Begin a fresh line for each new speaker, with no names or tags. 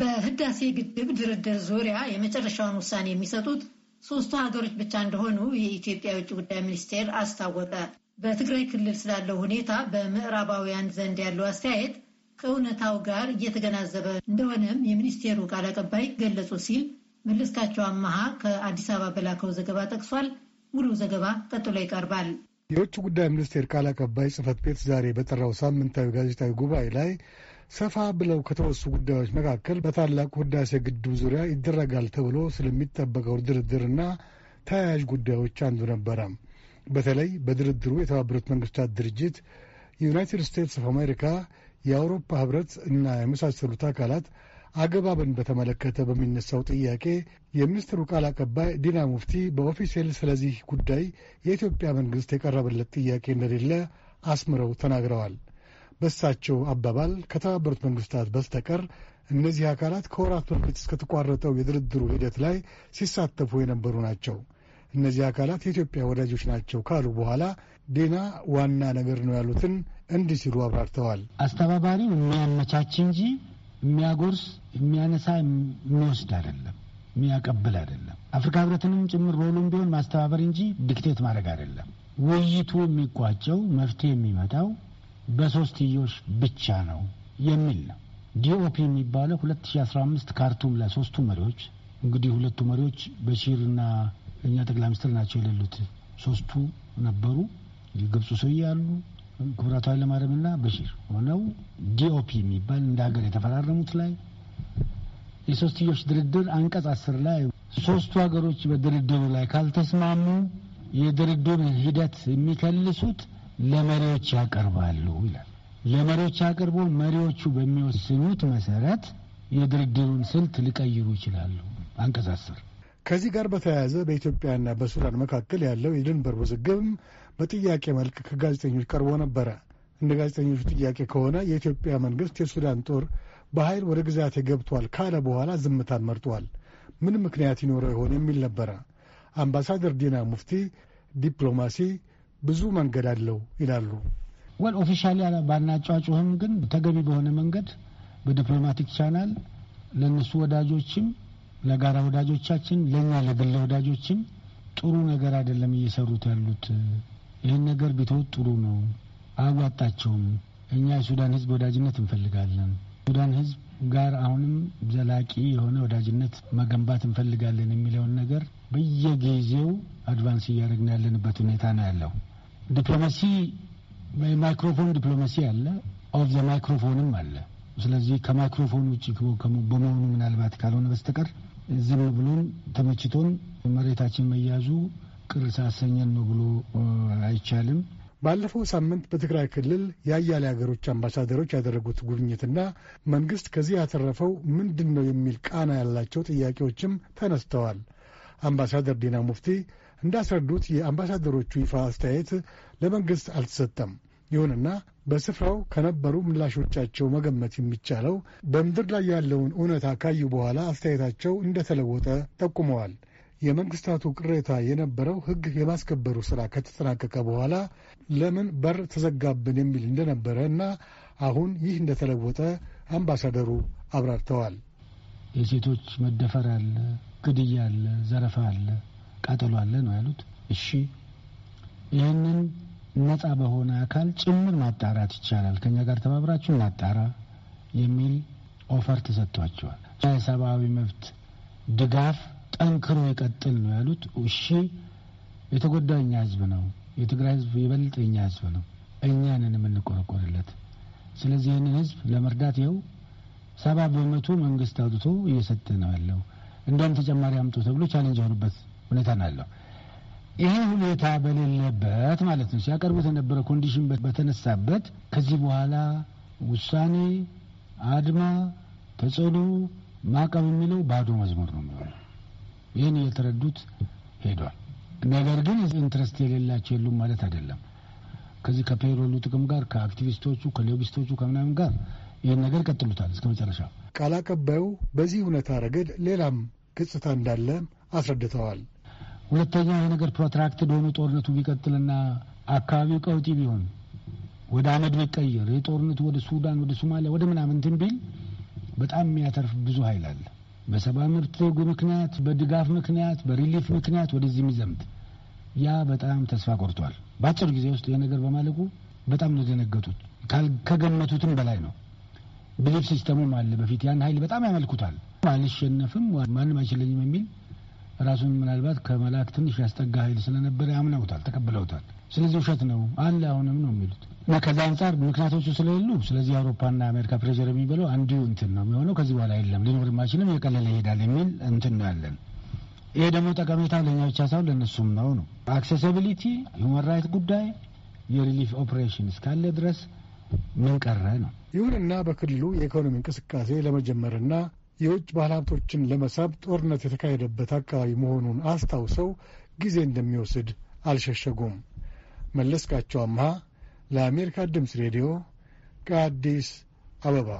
በህዳሴ ግድብ ድርድር ዙሪያ የመጨረሻውን ውሳኔ የሚሰጡት ሶስቱ ሀገሮች ብቻ እንደሆኑ የኢትዮጵያ የውጭ ጉዳይ ሚኒስቴር አስታወቀ። በትግራይ ክልል ስላለው ሁኔታ በምዕራባውያን ዘንድ ያለው አስተያየት ከእውነታው ጋር እየተገናዘበ እንደሆነም የሚኒስቴሩ ቃል አቀባይ ገለጹ ሲል መለስካቸው አመሃ ከአዲስ አበባ በላከው ዘገባ ጠቅሷል። ሙሉ ዘገባ ቀጥሎ ይቀርባል።
የውጭ ጉዳይ ሚኒስቴር ቃል አቀባይ ጽህፈት ቤት ዛሬ በጠራው ሳምንታዊ ጋዜጣዊ ጉባኤ ላይ ሰፋ ብለው ከተወሱ ጉዳዮች መካከል በታላቁ ህዳሴ ግድብ ዙሪያ ይደረጋል ተብሎ ስለሚጠበቀው ድርድርና ተያያዥ ጉዳዮች አንዱ ነበረ። በተለይ በድርድሩ የተባበሩት መንግስታት ድርጅት፣ ዩናይትድ ስቴትስ ኦፍ አሜሪካ፣ የአውሮፓ ህብረት እና የመሳሰሉት አካላት አገባብን በተመለከተ በሚነሳው ጥያቄ የሚኒስትሩ ቃል አቀባይ ዲና ሙፍቲ በኦፊሴል ስለዚህ ጉዳይ የኢትዮጵያ መንግሥት የቀረበለት ጥያቄ እንደሌለ አስምረው ተናግረዋል። በሳቸው አባባል ከተባበሩት መንግሥታት በስተቀር እነዚህ አካላት ከወራት በፊት እስከተቋረጠው የድርድሩ ሂደት ላይ ሲሳተፉ የነበሩ ናቸው። እነዚህ አካላት የኢትዮጵያ ወዳጆች ናቸው ካሉ በኋላ ዴና ዋና ነገር ነው ያሉትን እንዲህ ሲሉ አብራርተዋል።
አስተባባሪው የሚያመቻች እንጂ የሚያጎርስ የሚያነሳ የሚወስድ አይደለም፣ የሚያቀብል አይደለም። አፍሪካ ህብረትንም ጭምር ሮሉም ቢሆን ማስተባበር እንጂ ዲክቴት ማድረግ አይደለም። ውይይቱ የሚቋጨው መፍትሄ የሚመጣው በሶስትዮሽ ብቻ ነው የሚል ነው። ዲኦፒ የሚባለው 2015 ካርቱም ላይ ሶስቱ መሪዎች እንግዲህ ሁለቱ መሪዎች በሺርና እኛ ጠቅላይ ሚኒስትር ናቸው የሌሉት ሶስቱ ነበሩ። የግብፁ ሰውዬ አሉ፣ ክቡራቱ እና በሺር ሆነው ዲኦፒ የሚባል እንደ ሀገር የተፈራረሙት ላይ የሶስትዮሽ ድርድር አንቀጽ አስር ላይ ሶስቱ ሀገሮች በድርድሩ ላይ ካልተስማሙ የድርድሩ ሂደት የሚከልሱት ለመሪዎች ያቀርባሉ ይላል። ለመሪዎች ያቀርቦ መሪዎቹ በሚወስኑት መሰረት የድርድሩን ስልት ሊቀይሩ ይችላሉ። አንቀጽ አስር
ከዚህ ጋር በተያያዘ በኢትዮጵያና በሱዳን መካከል ያለው የድንበር ውዝግብም በጥያቄ መልክ ከጋዜጠኞች ቀርቦ ነበረ። እንደ ጋዜጠኞቹ ጥያቄ ከሆነ የኢትዮጵያ መንግስት የሱዳን ጦር በኃይል ወደ ግዛቴ ገብቷል ካለ በኋላ ዝምታን መርጧል። ምን ምክንያት ይኖረው ይሆን የሚል ነበረ። አምባሳደር ዲና ሙፍቲ ዲፕሎማሲ ብዙ መንገድ አለው ይላሉ።
ወል ኦፊሻሊ ባናጫጩህም ግን ተገቢ በሆነ መንገድ በዲፕሎማቲክ ቻናል ለእነሱ ወዳጆችም ለጋራ ወዳጆቻችን፣ ለእኛ ለግለ ወዳጆችም ጥሩ ነገር አይደለም እየሰሩት ያሉት። ይህን ነገር ቢተውት ጥሩ ነው፣ አያዋጣቸውም። እኛ የሱዳን ህዝብ ወዳጅነት እንፈልጋለን። ሱዳን ህዝብ ጋር አሁንም ዘላቂ የሆነ ወዳጅነት መገንባት እንፈልጋለን የሚለውን ነገር በየጊዜው አድቫንስ እያደረግን ያለንበት ሁኔታ ነው ያለው። ዲፕሎማሲ የማይክሮፎን ዲፕሎማሲ አለ፣ ኦፍ ዘ ማይክሮፎንም አለ። ስለዚህ ከማይክሮፎን ውጭ በመሆኑ ምናልባት ካልሆነ በስተቀር ዝም ብሎን ተመችቶን መሬታችን
መያዙ ቅር ሳያሰኘን ነው ብሎ አይቻልም። ባለፈው ሳምንት በትግራይ ክልል የአያሌ ሀገሮች አምባሳደሮች ያደረጉት ጉብኝትና መንግስት ከዚህ ያተረፈው ምንድን ነው የሚል ቃና ያላቸው ጥያቄዎችም ተነስተዋል። አምባሳደር ዲና ሙፍቲ እንዳስረዱት የአምባሳደሮቹ ይፋ አስተያየት ለመንግስት አልተሰጠም። ይሁንና በስፍራው ከነበሩ ምላሾቻቸው መገመት የሚቻለው በምድር ላይ ያለውን እውነታ ካዩ በኋላ አስተያየታቸው እንደተለወጠ ጠቁመዋል። የመንግስታቱ ቅሬታ የነበረው ሕግ የማስከበሩ ሥራ ከተጠናቀቀ በኋላ ለምን በር ተዘጋብን የሚል እንደነበረ እና አሁን ይህ እንደተለወጠ አምባሳደሩ አብራርተዋል።
የሴቶች መደፈር አለ፣ ግድያ አለ፣ ዘረፋ አለ፣ ቃጠሎ አለ ነው ያሉት። እሺ ይህንን ነጻ በሆነ አካል ጭምር ማጣራት ይቻላል፣ ከኛ ጋር ተባብራችሁ እናጣራ የሚል ኦፈር ተሰጥቷቸዋል። የሰብአዊ መብት ድጋፍ ጠንክሮ ይቀጥል ነው ያሉት። እሺ የተጎዳው እኛ ህዝብ ነው። የትግራይ ህዝብ ይበልጥ እኛ ህዝብ ነው። እኛንን የምንቆረቆርለት። ስለዚህ ይህንን ህዝብ ለመርዳት ይኸው ሰባ በመቶ መንግስት አውጥቶ እየሰጠ ነው ያለው። እንደውም ተጨማሪ አምጦ ተብሎ ቻሌንጅ የሆኑበት ሁኔታ ነው ያለው። ይሄ ሁኔታ በሌለበት ማለት ነው ሲያቀርቡት የነበረ ኮንዲሽን በተነሳበት ከዚህ በኋላ ውሳኔ፣ አድማ፣ ተጽዕኖ፣ ማዕቀብ የሚለው ባዶ መዝሙር ነው የሚሆነ። ይህን እየተረዱት ሄዷል። ነገር ግን ኢንትረስት የሌላቸው የሉም ማለት አይደለም። ከዚህ ከፔሮሉ ጥቅም ጋር ከአክቲቪስቶቹ ከሎቢስቶቹ ከምናምን ጋር ይህን ነገር ቀጥሉታል እስከ መጨረሻ።
ቃል አቀባዩ በዚህ እውነታ ረገድ ሌላም ገጽታ እንዳለ አስረድተዋል።
ሁለተኛ የነገር ነገር ፕሮትራክትድ ሆኖ ጦርነቱ ቢቀጥልና አካባቢው ቀውጢ ቢሆን ወደ አመድ ቢቀየር ይህ ጦርነቱ ወደ ሱዳን፣ ወደ ሶማሊያ፣ ወደ ምናምንትን ቢል በጣም የሚያተርፍ ብዙ ኃይል አለ። በሰብአዊ መብት ምክንያት፣ በድጋፍ ምክንያት፣ በሪሊፍ ምክንያት ወደዚህ የሚዘምት ያ በጣም ተስፋ ቆርጧል። በአጭር ጊዜ ውስጥ ይህ ነገር በማለቁ በጣም ነው የደነገጡት። ከገመቱትም በላይ ነው። ብሊፍ ሲስተሙም አለ። በፊት ያን ኃይል በጣም ያመልኩታል። አልሸነፍም፣ ማንም አይችለኝም የሚል ራሱን ምናልባት ከመላክ ትንሽ ያስጠጋ ኃይል ስለነበረ ያምነውታል፣ ተቀብለውታል። ስለዚህ ውሸት ነው አለ አሁንም ነው የሚሉት እና ከዛ አንጻር ምክንያቶቹ ስለሌሉ ስለዚህ አውሮፓና አሜሪካ ፕሬዠር የሚበለው አንዱ እንትን ነው የሚሆነው። ከዚህ በኋላ የለም ሊኖርም አይችልም፣ የቀለለ ይሄዳል የሚል እንትን ነው ያለን። ይሄ ደግሞ ጠቀሜታ ለኛ ብቻ ሳይሆን ለእነሱም ነው ነው አክሴሲቢሊቲ፣ ሁማን ራይት ጉዳይ፣ የሪሊፍ ኦፕሬሽን እስካለ
ድረስ ምን ቀረ ነው። ይሁንና በክልሉ የኢኮኖሚ እንቅስቃሴ ለመጀመርና የውጭ ባለሀብቶችን ለመሳብ ጦርነት የተካሄደበት አካባቢ መሆኑን አስታውሰው ጊዜ እንደሚወስድ አልሸሸጉም። መለስካቸው አምሃ ለአሜሪካ ድምፅ ሬዲዮ ከአዲስ አበባ